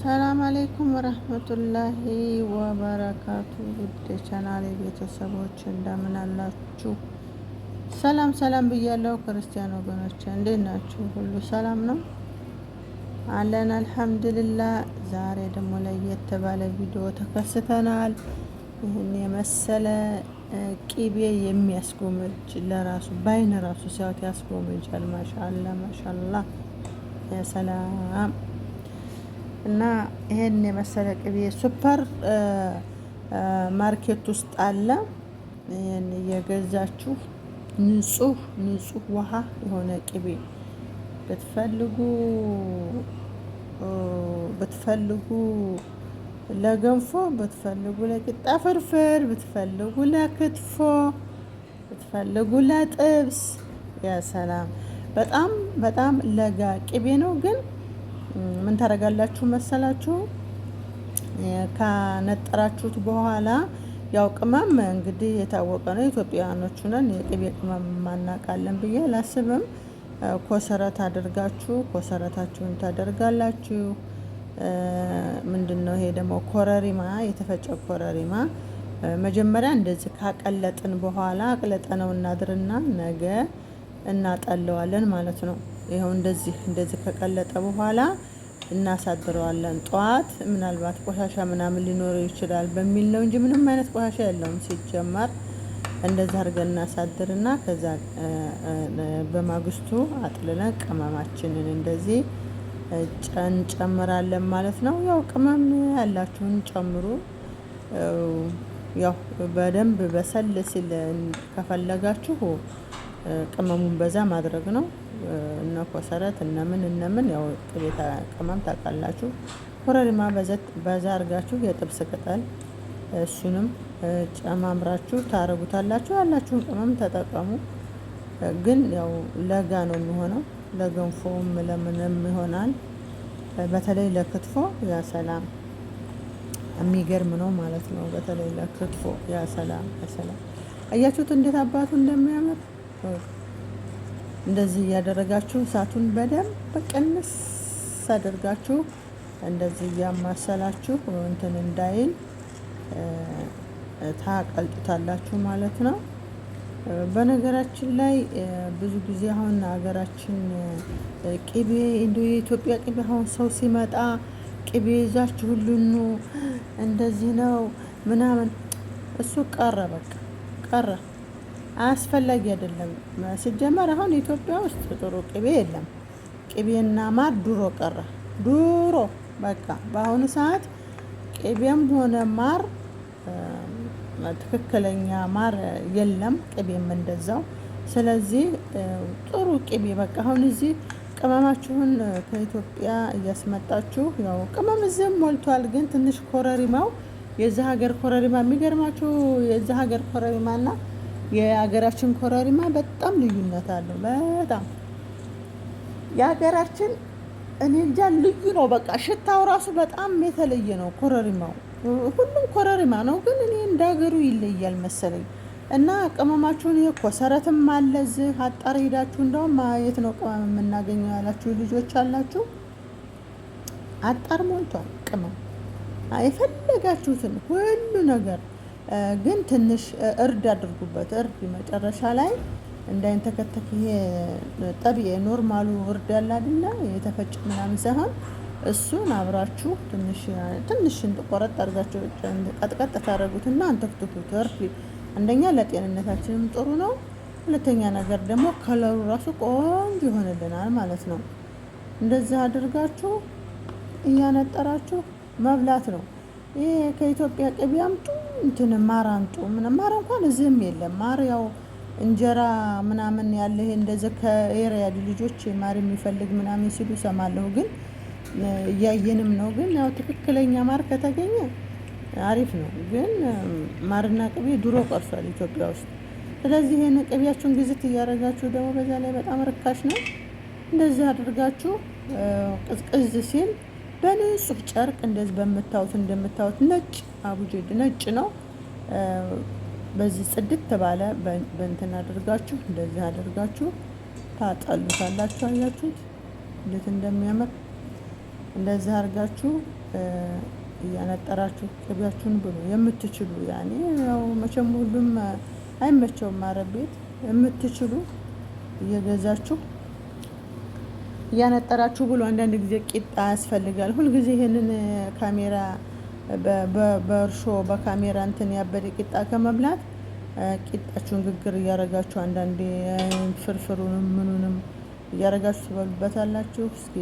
ሰላም አሌይኩም ወረህመቱላሂ ወበረካቱ። ውድ ቻናሌ ቤተሰቦች እንደምን አላችሁ? ሰላም ሰላም ብያለሁ። ክርስቲያን ወገኖች እንዴት ናችሁ? ሁሉ ሰላም ነው አለን አልሐምዱሊላህ። ዛሬ ደግሞ ለየት ባለ ቪዲዮ ተከስተናል። ይህን የመሰለ ቂቤ የሚያስጎመጅ ለራሱ በአይን ራሱ ሲያዩት ያስጎመጃል። ማሻላ ማሻላ። ሰላም እና ይሄን የመሰለ ቅቤ ሱፐር ማርኬት ውስጥ አለ። ይሄን እየገዛችሁ ንጹህ ንጹህ ውሃ የሆነ ቅቤ ብትፈልጉ ብትፈልጉ ለገንፎ ብትፈልጉ ለቂጣ ፍርፍር ብትፈልጉ ለክትፎ ብትፈልጉ ለጥብስ፣ ያ ሰላም! በጣም በጣም ለጋ ቅቤ ነው ግን ምን ታደርጋላችሁ መሰላችሁ? ካነጠራችሁት በኋላ ያው ቅመም እንግዲህ የታወቀ ነው። ኢትዮጵያውያኖቹ ነን የቅቤ ቅመም ማናቃለን ብዬ አላስብም። ኮሰረት አድርጋችሁ ኮሰረታችሁን ታደርጋላችሁ። ምንድን ነው ይሄ ደግሞ ኮረሪማ፣ የተፈጨ ኮረሪማ መጀመሪያ እንደዚህ ካቀለጥን በኋላ አቅለጠነው እናድርና ነገ እናጠለዋለን ማለት ነው። ይኸው እንደዚህ እንደዚህ ከቀለጠ በኋላ እናሳድረዋለን። ጠዋት ምናልባት ቆሻሻ ምናምን ሊኖረው ይችላል በሚል ነው እንጂ ምንም አይነት ቆሻሻ የለውም ሲጀመር። እንደዛ አድርገን እናሳድርና ከዛ በማግስቱ አጥልለን ቅመማችንን እንደዚህ እንጨምራለን ማለት ነው። ያው ቅመም ያላችሁን ጨምሩ። ያው በደንብ በሰል ሲል ከፈለጋችሁ ቅመሙን በዛ ማድረግ ነው። እነ ኮሰረት እነምን እነምን ያው ቅቤታ ቅመም ታውቃላችሁ። ኮረሪማ በዛ አርጋችሁ የጥብስ ቅጠል እሱንም ጨማምራችሁ ታረጉታላችሁ። ያላችሁን ቅመም ተጠቀሙ። ግን ያው ለጋ ነው የሚሆነው። ለገንፎም ለምንም ይሆናል። በተለይ ለክትፎ ያ ሰላም የሚገርም ነው ማለት ነው። በተለይ ለክትፎ ያ ሰላም ያ ሰላም። አያችሁት እንዴት አባቱ እንደሚያምር እንደዚህ እያደረጋችሁ እሳቱን በደንብ በቀንስ ሳደርጋችሁ እንደዚህ እያማሰላችሁ እንትን እንዳይል ታቀልጡታላችሁ ማለት ነው። በነገራችን ላይ ብዙ ጊዜ አሁን ሀገራችን ቅቤ እንዲ የኢትዮጵያ ቅቤ አሁን ሰው ሲመጣ ቅቤ ይዛችሁ ሁሉኑ እንደዚህ ነው ምናምን እሱ ቀረ፣ በቃ ቀረ። አስፈላጊ አይደለም። ሲጀመር አሁን ኢትዮጵያ ውስጥ ጥሩ ቅቤ የለም። ቅቤና ማር ድሮ ቀረ። ድሮ በቃ በአሁኑ ሰዓት ቅቤም ሆነ ማር ትክክለኛ ማር የለም፣ ቅቤም እንደዛው። ስለዚህ ጥሩ ቅቤ በቃ አሁን እዚህ ቅመማችሁን ከኢትዮጵያ እያስመጣችሁ ያው ቅመም እዚህም ሞልቷል፣ ግን ትንሽ ኮረሪማው የዚህ ሀገር ኮረሪማ የሚገርማችሁ የዚህ ሀገር ኮረሪማና የሀገራችን ኮረሪማ በጣም ልዩነት አለው። በጣም የሀገራችን እኔ እንጃ ልዩ ነው። በቃ ሽታው ራሱ በጣም የተለየ ነው። ኮረሪማው ሁሉም ኮረሪማ ነው፣ ግን እኔ እንደ ሀገሩ ይለያል መሰለኝ እና ቅመማችሁን ይሄ ኮሰረትም አለ እዚህ አጣር ሄዳችሁ እንደውም ማየት ነው ቅመም የምናገኘው ያላችሁ ልጆች አላችሁ። አጣር ሞልቷል። ቅመም የፈለጋችሁትን ሁሉ ነገር ግን ትንሽ እርድ አድርጉበት። እርድ መጨረሻ ላይ እንዳይንተከተክ ይሄ ጠብ ኖርማሉ እርድ ያለ አይደለ ምናምን ሳይሆን እሱን አብራችሁ ትንሽ ትንሽ ቆረጥ አድርጋችሁ ቀጥቀጥ ታደርጉትና አንተክትኩት። እርድ አንደኛ ለጤንነታችንም ጥሩ ነው። ሁለተኛ ነገር ደግሞ ከለሩ ራሱ ቆንጆ ይሆንልናል ማለት ነው። እንደዚህ አድርጋችሁ እያነጠራችሁ መብላት ነው። ይሄ ከኢትዮጵያ ቅቤ አምጡ እንትን ማር አምጡ ምናምን ማር እንኳን እዚህም የለም። ማር ያው እንጀራ ምናምን ያለ እንደዚህ ከኤሪያ ልጆች ማር የሚፈልግ ምናምን ሲሉ ሰማለሁ ግን እያየንም ነው። ግን ያው ትክክለኛ ማር ከተገኘ አሪፍ ነው። ግን ማርና ቅቤ ድሮ ቀርሷል ኢትዮጵያ ውስጥ። ስለዚህ ይህን ቅቤያችሁን ግዝት እያደረጋችሁ ደግሞ በዛ ላይ በጣም ርካሽ ነው። እንደዚህ አድርጋችሁ ቅዝቅዝ ሲል በንጹህ ጨርቅ እንደዚህ በምታዩት እንደምታዩት ነጭ አቡጀድ ነጭ ነው። በዚህ ጽድት ባለ በእንትን አድርጋችሁ እንደዚህ አድርጋችሁ ታጠሉታላችሁ። አያችሁ እንዴት እንደሚያምር እንደዚህ አድርጋችሁ እያነጠራችሁ ቅቤያችሁን ብሎ የምትችሉ ያኔ ያው መቼም ሁሉም አይመቸውም አረብ ቤት የምትችሉ እየገዛችሁ እያነጠራችሁ ብሎ አንዳንድ ጊዜ ቂጣ ያስፈልጋል። ሁልጊዜ ይህንን ካሜራ በእርሾ በካሜራ እንትን ያበደ ቂጣ ከመብላት ቂጣችሁን ግግር እያረጋችሁ አንዳንዴ ፍርፍሩንም ምኑንም እያረጋችሁ ትበሉበታላችሁ። እስኪ